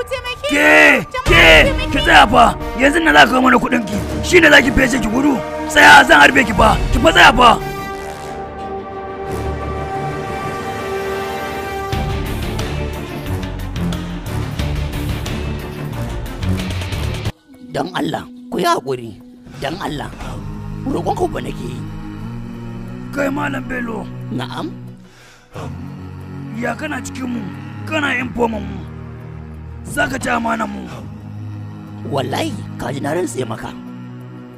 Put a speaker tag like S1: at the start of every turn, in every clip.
S1: ku taimake ke ke ki tsaya fa yanzu na za ka mana kuɗin ki shine za ki fece ki gudu tsaya zan harbe ki fa ki fa tsaya fa
S2: dan Allah ku yi haƙuri dan Allah roƙonku ba nake yi
S1: kai malam bello na'am ya kana cikin mu kana
S2: yin mu za ka ci amanan mu wallahi kaji na rantse maka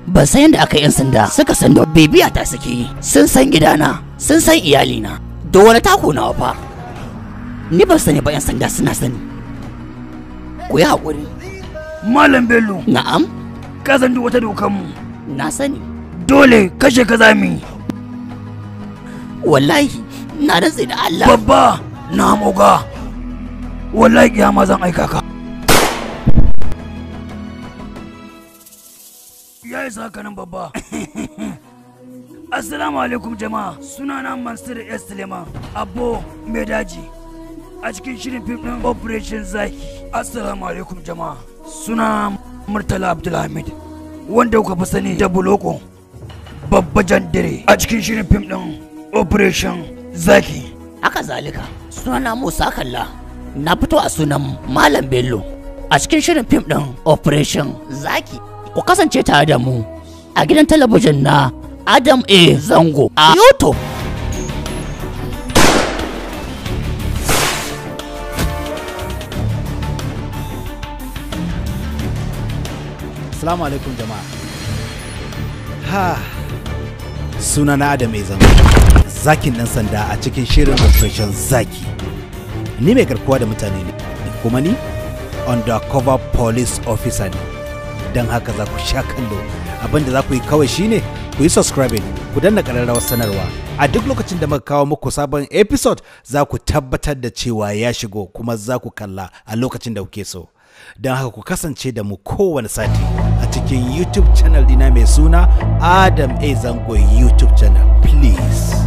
S2: ban san yadda aka yan sanda suka san da bibiya ta suke yi sun san gidana sun san iyalina da wani taku nawa fa ni ban sani ba yan sanda suna sani ku yi haƙuri malam bello na'am
S1: ka san duk wata dokar mu na sani dole kashe ka zami wallahi na rantse da Allah babba na moga wallahi kiyama zan aika ka ya isa kanin babba assalamu alaikum jama'a sunana mansur s suleiman abbo mai daji a cikin shirin fim din operation zaki assalamu alaikum jama'a suna murtala abdulhamid wanda kuka fi sani da buloko babba jandire a cikin shirin fim din
S2: operation zaki haka zalika sunana musa kalla na fito a sunan Malam Bello a cikin shirin fim ɗin Operation Zaki. Ku kasance tare da mu a gidan talabijin na Adam A. Zango a YouTube.
S3: Assalamu alaikum jama'a. Ha suna na Adam A. Zango. Zakin nan sanda a cikin shirin Operation Zaki. ni mai garkuwa da mutane ne kuma ni undercover police officer ne don haka za ku sha kallo abinda za ku yi kawai shine ku yi subscribing ku danna ƙararrawar sanarwa a duk lokacin da muka kawo muku sabon episode za ku tabbatar da cewa ya shigo kuma za ku kalla a lokacin da kuke so don haka ku kasance da mu kowane sati a cikin youtube channel dina mai suna adam a zango youtube channel please